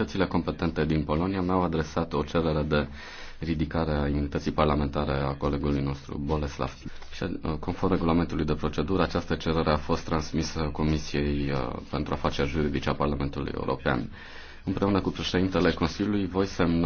Autoritățile competente din Polonia mi-au adresat o cerere de ridicare a imunității parlamentare a colegului nostru, Boleslav. Și, uh, conform regulamentului de procedură, această cerere a fost transmisă Comisiei uh, pentru Afaceri Juridice a Parlamentului European. Împreună cu președintele Consiliului, voi semna